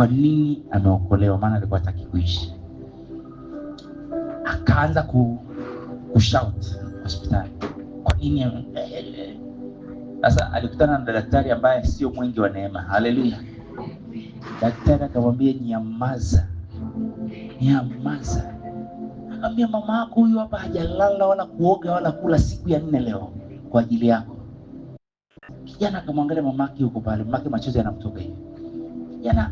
kwa nini ameokolewa, maana alikuwa hataki kuishi. Akaanza ku, kushout hospitali kwa nini. Eh, eh, eh. Sasa alikutana na daktari ambaye sio mwingi wa neema. Haleluya! Daktari akamwambia nyamaza, nyamaza. Akamwambia mama yako huyu hapa hajalala wala kuoga wala kula siku ya nne leo kwa ajili yako. Kijana akamwangalia mamake yuko pale, mamake machozi yanamtoka hivi. Kijana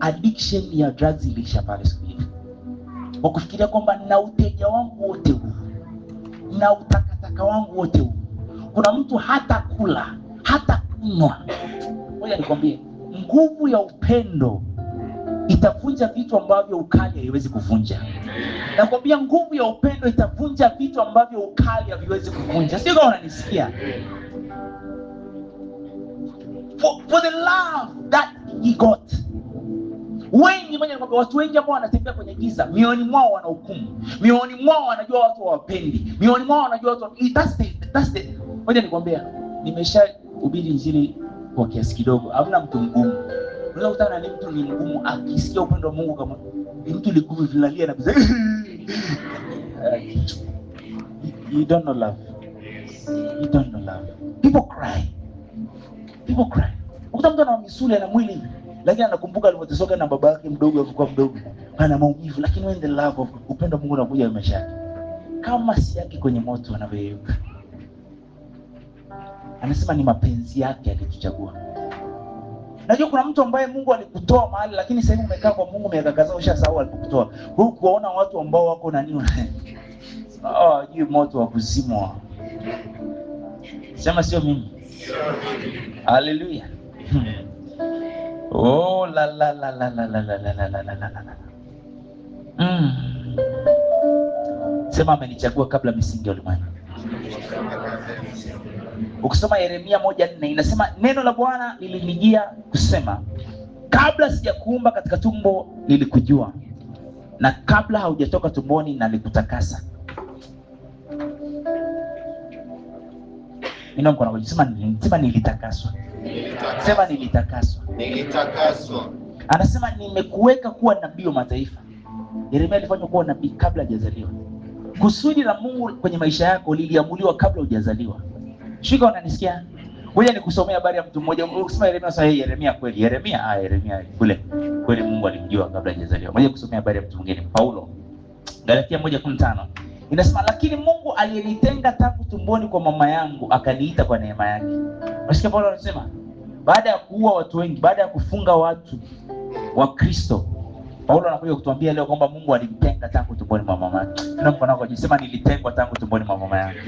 addiction ya drugs iliisha pale siku hiyo, kwa kufikiria kwamba na uteja wangu wote huu na utakataka wangu wote huu, kuna mtu hata kula hata kunywa. Ngoja nikwambie, nguvu ya upendo itavunja vitu ambavyo ukali haiwezi kuvunja. Nakwambia nguvu ya upendo itavunja vitu ambavyo ukali haviwezi kuvunja. Sio kama unanisikia? For, for the love that he got wengi moja nikwambia watu wengi ambao wanatembea kwenye giza mioyoni mwao wana hukumu mioyoni mwao wanajua watu hawapendi mioyoni mwao wanajua watu that's the, that's the. moja nikwambia nimesha hubiri injili kwa kiasi kidogo hamna mtu mgumu unaweza kutana na mtu ni mgumu akisikia upendo wa mungu kama ni mtu ligumu vilalia na kuza you don't know love you don't know love people cry people cry ukuta mtu ana misuli ana mwili hivi lakini anakumbuka alivyotesoka na baba yake mdogo alikuwa mdogo, ana maumivu, lakini when the love of upendo Mungu unakuja maisha yake, kama si yake kwenye moto anavyoyeyuka. Anasema ni mapenzi yake alituchagua. Najua kuna mtu ambaye Mungu alikutoa mahali, lakini sasa hivi umekaa kwa Mungu miaka kadhaa, ushasahau alikutoa. Huku kuwaona watu ambao wako na nini, oh, juu moto wa kuzimwa. Sema sio mimi. Haleluya. Hmm. Oh la la la la la la la la la la la. Mm. Sema amenichagua kabla misingi ya ulimwengu. Ukisoma Yeremia moja nne inasema neno la Bwana lilinijia kusema, kabla sijakuumba katika tumbo nilikujua, na kabla haujatoka tumboni nalikutakasa. Ninaomba kwa kusema nilitakaswa nilitakaswa. Sema nilitakaswa. Nilitakaswa. Anasema nimekuweka kuwa nabii wa mataifa. Yeremia alifanywa kuwa nabii kabla hajazaliwa. Kusudi la Mungu kwenye maisha yako liliamuliwa kabla hujazaliwa. Shika, unanisikia? Ngoja nikusomea habari ya mtu mmoja. Ukisema Yeremia sasa, hey, Yeremia kweli, Yeremia ah, Yeremia kule kweli Mungu alimjua kabla hajazaliwa. Ngoja kusomea habari ya mtu mwingine, Paulo. Galatia 1:15. Inasema lakini Mungu aliyenitenga tangu tumboni kwa mama yangu akaniita kwa neema yake. Unasikia Paulo anasema? baada ya kuua watu wengi, baada ya kufunga watu wa Kristo, Paulo anakuja kutuambia leo kwamba Mungu alimtenga tangu tumboni mwa mama yake. Tuna mkono wako juu, sema nilitengwa tangu tumboni mwa mama yangu.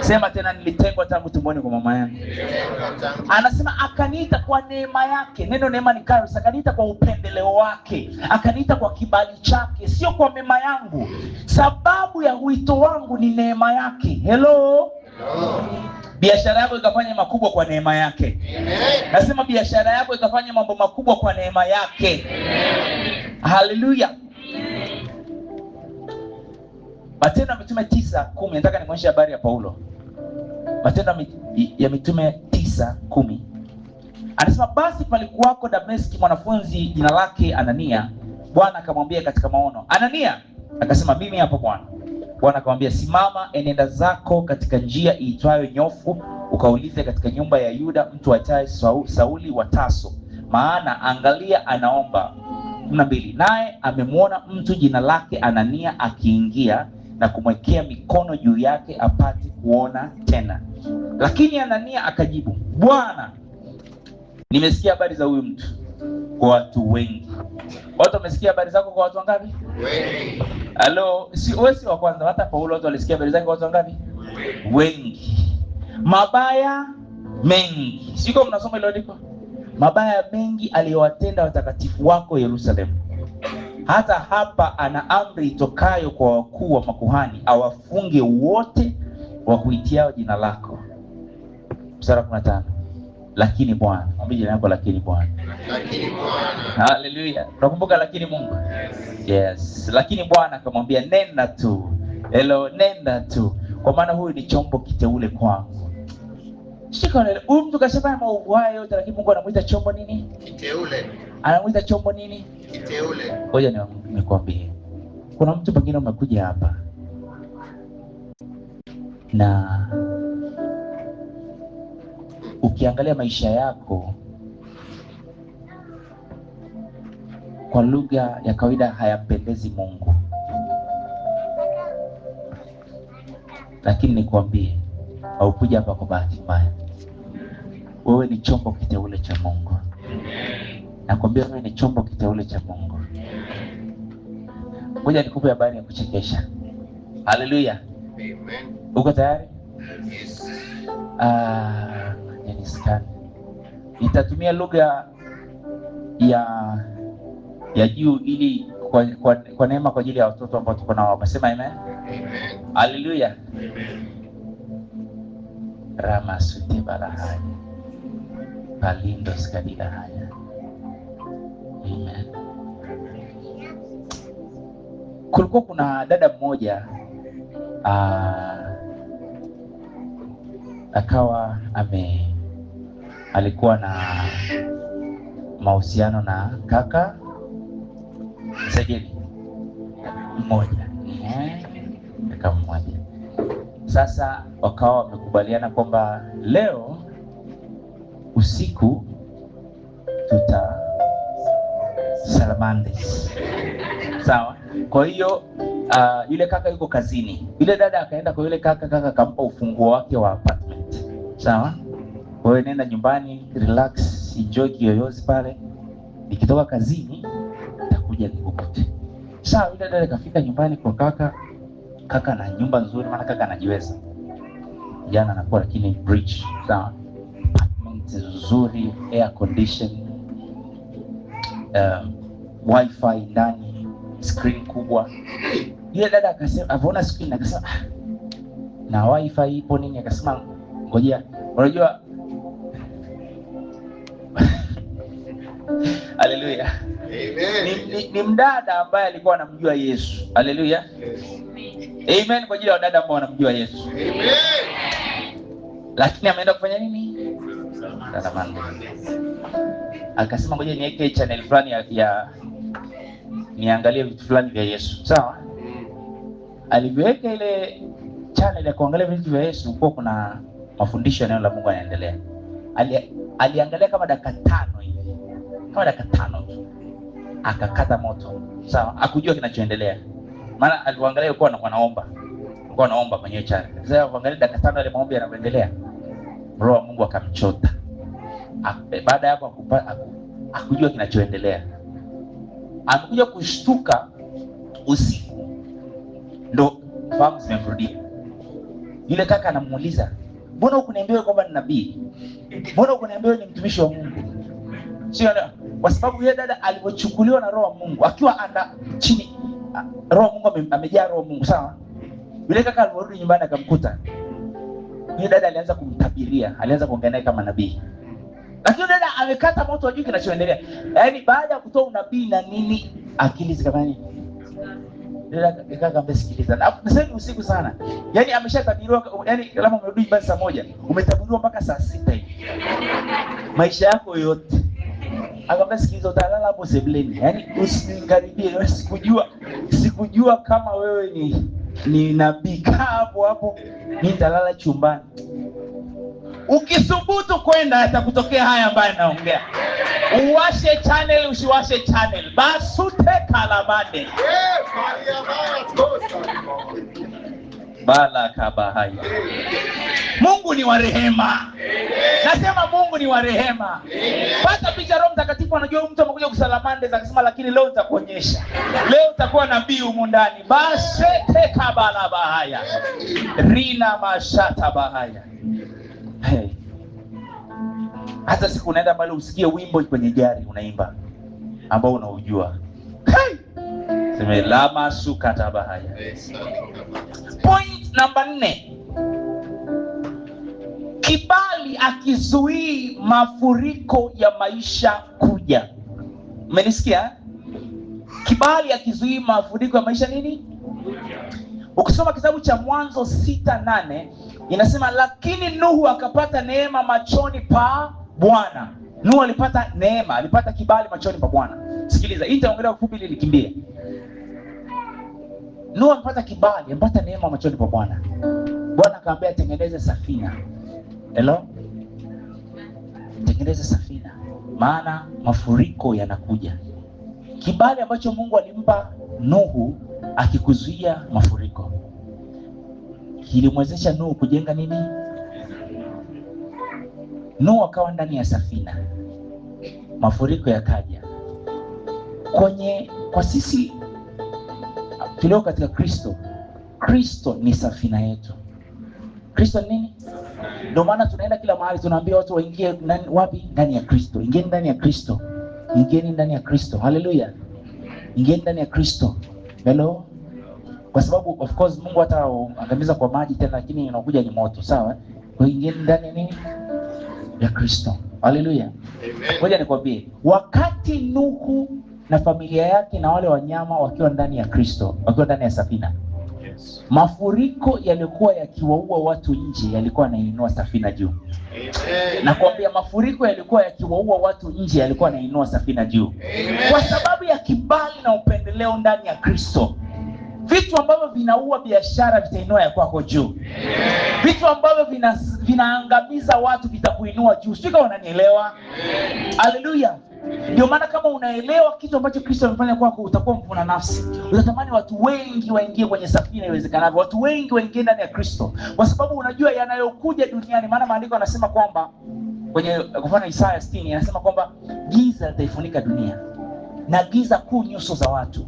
Sema tena nilitengwa tangu tumboni kwa mama yangu. Anasema akaniita kwa neema yake. Neno neema ni charis, akaniita kwa upendeleo wake, akaniita kwa kibali chake, sio kwa mema yangu. Sababu ya wito wangu ni neema yake. Hello, Hello biashara yako ikafanya makubwa kwa neema yake. Amen. Nasema biashara yako ikafanya mambo makubwa kwa neema yake. Haleluya. Matendo ya Mitume tisa kumi, nataka nikuonyeshe habari ya Paulo. Matendo ya Mitume tisa kumi anasema basi palikuwako Dameski mwanafunzi jina lake Anania, Bwana akamwambia katika maono, Anania. Akasema mimi hapo Bwana. Bwana akamwambia, simama, enenda zako katika njia iitwayo nyofu, ukaulize katika nyumba ya Yuda mtu aitaye Sauli wa Taso, maana angalia, anaomba na mbili, naye amemwona mtu jina lake Anania akiingia na kumwekea mikono juu yake apate kuona tena. Lakini Anania akajibu, Bwana, nimesikia habari za huyu mtu kwa watu wengi. Watu wamesikia habari zako kwa watu wangapi? Wengi. Halo, si wewe si wa kwanza, hata Paulo watu walisikia habari zake watu wangapi? Wengi. Mabaya mengi. Siko mnasoma ile andiko? Mabaya mengi aliyowatenda watakatifu wako Yerusalemu. Hata hapa ana amri itokayo kwa wakuu wa makuhani awafunge wote wa kuitiao jina lako. Mstari 15 lakini Bwana. Mwambie jirani yako lakini Bwana. Lakini Bwana. Haleluya. Unakumbuka lakini Mungu? Yes. Yes. Lakini Bwana akamwambia nenda tu. Hello, nenda tu. Kwa maana huyu ni chombo kiteule kwangu. Shika ndio. Huyu mtu kasema maovu haya yote lakini Mungu anamuita chombo nini? Kiteule. Anamuita chombo nini? Kiteule. Ngoja nikwambie. Kuna mtu pengine umekuja hapa na ukiangalia maisha yako kwa lugha ya kawaida hayampendezi Mungu, lakini nikwambie, haukuja hapa kwa bahati mbaya. Wewe ni chombo kiteule cha Mungu. Nakwambia wewe ni chombo kiteule cha Mungu. mmoja nikupe habari ya kuchekesha. Haleluya, uko tayari? Yes. Ah, haiskani. Nitatumia lugha ya ya juu ili kwa, kwa, kwa neema kwa ajili ya watoto ambao tuko nao. Sema amen. Haleluya. Rama sutibarahaya palindoskadilahaya amen. Kulikuwa kuna dada mmoja aa, ah, akawa ame alikuwa na mahusiano na kaka msajili mmoja eh, kaka mmoja. Sasa wakawa wamekubaliana kwamba leo usiku tuta salamandis, sawa. Kwa hiyo uh, yule kaka yuko kazini, yule dada akaenda kwa yule kaka, kaka akampa ufunguo wake wa apartment, sawa kwa hiyo nenda nyumbani, relax, enjoy kiyoyozi pale. Nikitoka kazini nitakuja nikukute. Sawa, yule dada kafika nyumbani kwa kaka. Kaka na nyumba nzuri, maana kaka anajiweza. Jana anakuwa lakini bridge, sawa, apartment nzuri, air condition, um, wifi ndani, screen kubwa. Yule dada akasema, avona screen akasema ah, na wifi ipo nini, akasema ngojea, unajua Haleluya. Ni, ni, ni mdada ambaye alikuwa anamjua Yesu. Haleluya. Amen kwa ajili ya wadada ambao wanamjua Yesu. Amen. Lakini ameenda kufanya nini? Akasema ngoja niweke chanel fulani ya, ya niangalie vitu fulani vya Yesu. Sawa? Mm. Alivyoweka ile chanel ya kuangalia vitu vya Yesu, kuwa kuna mafundisho ya neno la Mungu anaendelea Ali, aliangalia kama dakika tano hivi kama dakika tano tu, akakata moto. Sawa, akujua kinachoendelea, maana aliangalia yuko anakuwa naomba yuko anaomba kwenye chari. Sasa angalia dakika tano ile maombi yanaendelea, roho wa Mungu akamchota. Baada ya hapo akujua kinachoendelea, amekuja kushtuka usiku, ndo fahamu zimemrudia. Yule kaka anamuuliza mbona hukuniambia kwamba ni nabii? Mbona hukuniambia ni mtumishi wa Mungu? sinaelewa kwa sababu yeye dada alipochukuliwa na roho wa Mungu akiwa anda chini, ah, roho wa Mungu amejaa roho wa Mungu, sawa. Yule kaka aliporudi nyumbani akamkuta yule dada, alianza kumtabiria, alianza kuongea naye kama nabii, lakini dada amekata moto, hajui kinachoendelea. Yaani baada ya kutoa unabii na nini, akili zikafanya nini Sikiliza, usiku sana, yaani ameshatabiriwa, yaani kama umerudi nyumbani saa moja umetabiriwa mpaka saa sita hivi maisha yako yote Akamwambia sikiza, utalala hapo sebuleni, yaani usinikaribie, sikujua sikujua kama wewe ni ni nabii. Kaa hapo hapo, mimi nitalala chumbani. Ukisubutu kwenda, atakutokea haya ambayo naongea. Uwashe channel, usiwashe channel, basute kalabade kalamande bala kabahaya. Mungu ni wa rehema, nasema Mungu ni wa rehema. Pata picha, Roho Mtakatifu anajua mtu amekuja kusalamande akasema, lakini leo nitakuonyesha, leo utakuwa nabii humu ndani. Basi tekabala bahaya rina mashata bahaya hey. Hata siku unaenda pale usikie wimbo kwenye gari unaimba ambao unaujua hey. Lama Point namba nne, kibali akizuii mafuriko ya maisha kuja. menisikia Kibali akizuii mafuriko ya maisha nini? Ukisoma kitabu cha Mwanzo sita nane inasema, lakini Nuhu akapata neema machoni pa Bwana. Nuhu alipata neema, alipata kibali machoni pa Bwana. Sikiliza, hii nitaongelea fupi ili likimbie. Nuhu amepata kibali, mpata neema machoni pa Bwana. Bwana akamwambia tengeneze safina. Hello? Tengeneze safina, maana mafuriko yanakuja. Kibali ambacho Mungu alimpa Nuhu akikuzuia mafuriko kilimwezesha Nuhu kujenga nini? Nuhu akawa ndani ya safina, mafuriko yakaja, kwenye kwa sisi tulio katika Kristo, Kristo ni safina yetu. Kristo ni nini? Ndio maana tunaenda kila mahali tunaambia watu waingie Wapi? Ndani ya Kristo. Ingieni ndani ya Kristo, ingieni ndani ya Kristo. Haleluya, ingieni ndani ya Kristo. Hello, kwa sababu of course Mungu hata angamiza kwa maji tena, lakini inakuja ni moto. Sawa, kwa ingieni ndani ya nini? Ya Kristo. Haleluya. Ngoja nikwambie, wakati Nuhu na familia yake na wale wanyama wakiwa ndani ya Kristo, wakiwa ndani ya safina. Yes. Mafuriko yaliyokuwa yakiwaua watu nje yalikuwa yanainua safina juu. Amen. Nakwambia mafuriko yalikuwa yakiwaua watu nje yalikuwa yanainua safina juu. Amen. Kwa sababu ya kibali na upendeleo ndani ya Kristo. Vitu ambavyo vinaua biashara vitainua ya kwako juu. Vitu ambavyo vina, vinaangamiza watu vitakuinua juu. Sijui kama unanielewa. Haleluya. Ndio maana kama unaelewa kitu ambacho Kristo amefanya kwako, utakuwa mvuna nafsi. Utatamani watu wengi waingie kwenye safina iwezekanavyo, watu wengi waingie ndani ya Kristo, kwa sababu unajua yanayokuja duniani. Maana maandiko anasema kwamba kwenye kufana Isaya 6 anasema kwamba giza litaifunika dunia na giza kuu nyuso za watu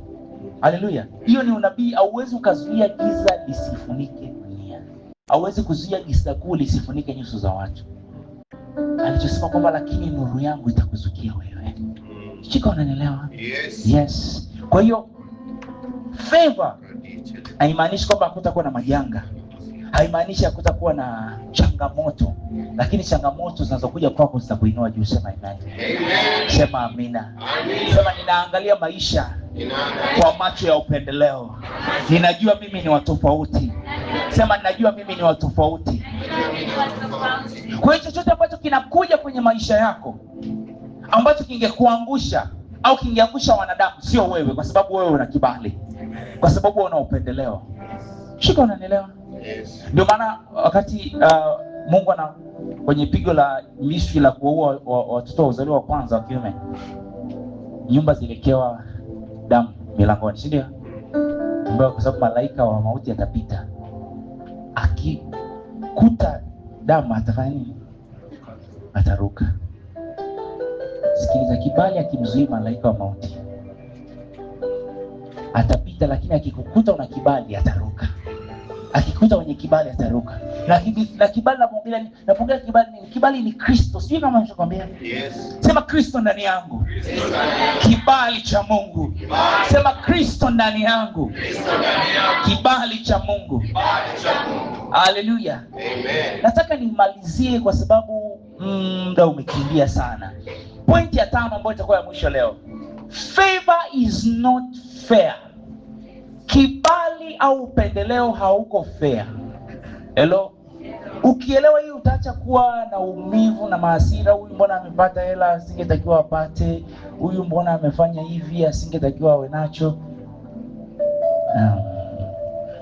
Haleluya! Hiyo ni unabii. Hauwezi ukazuia giza lisifunike dunia, auwezi kuzuia giza kuu lisifunike nyuso za watu. Alichosema kwamba lakini nuru yangu itakuzukia wewe. Chika, unanielewa? Yes. Yes. Kwa hiyo favor haimaanishi kwamba hakutakuwa na majanga, haimaanishi hakutakuwa na changamoto, lakini changamoto zinazokuja kwako zitakuinua juu. Sema amen. Sema amina. Sema ninaangalia maisha kwa macho ya upendeleo. Ninajua mimi ni watofauti, sema ninajua mimi ni watofauti. Kwa hiyo chochote ambacho kinakuja kwenye maisha yako ambacho kingekuangusha au kingeangusha wanadamu, sio wewe, kwa sababu wewe una kibali, kwa sababu wewe una upendeleo. Shika, unanielewa? Ndio maana wakati uh, Mungu ana kwenye pigo la Misri la kuwaua watoto wa uzaliwa wa kwanza wa kiume, nyumba zilikewa damu milangoni, si ndio? Ambayo kwa sababu malaika wa mauti atapita akikuta damu atafanya nini? Ataruka. Sikiliza, kibali akimzuia malaika wa mauti atapita, lakini akikukuta una kibali ataruka. Akikuta wenye kibali ataruka. Lakini na kibali napongea, napongea kibali nini? Kibali ni Kristo, sio kama nishakwambia. Yes. Sema Kristo ndani yangu. Kibali cha Mungu Sema Kristo ndani yangu, kibali cha Mungu. Haleluya, amen. Nataka nimalizie kwa sababu mm, muda mm, umekimbia sana. Pointi ya tano ambayo itakuwa ya mwisho leo, favor is not fair. Kibali au upendeleo hauko fair. Hello? Ukielewa hii utaacha kuwa na umivu na maasira, huyu mbona amepata hela asingetakiwa apate, huyu mbona amefanya hivi asingetakiwa awe nacho.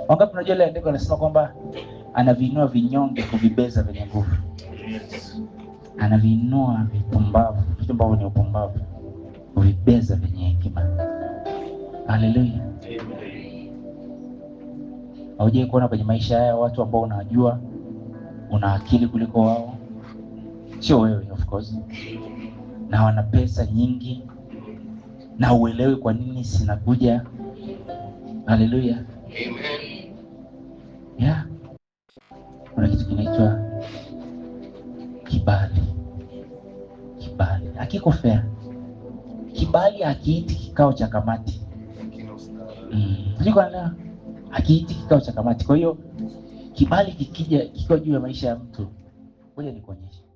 Wangapi unajua ile andiko anasema kwamba anaviinua vinyonge kuvibeza vyenye nguvu, anaviinua vipumbavu, vitu ambavyo ni upumbavu kuvibeza vyenye hekima. Haleluya! Haujai kuona kwenye maisha haya watu ambao unawajua una akili kuliko wao, sio wewe of course, na wana pesa nyingi, na uelewi kwa nini sinakuja. Haleluya, amen. Yeah, kuna kitu kinaitwa kibali. Kibali hakiko fair. Kibali akiiti kikao cha kamati mm. Hakiiti kikao cha kamati, kwa hiyo Kibali kikija kikiwa juu ya maisha ya mtu, ngoja nikuonyeshe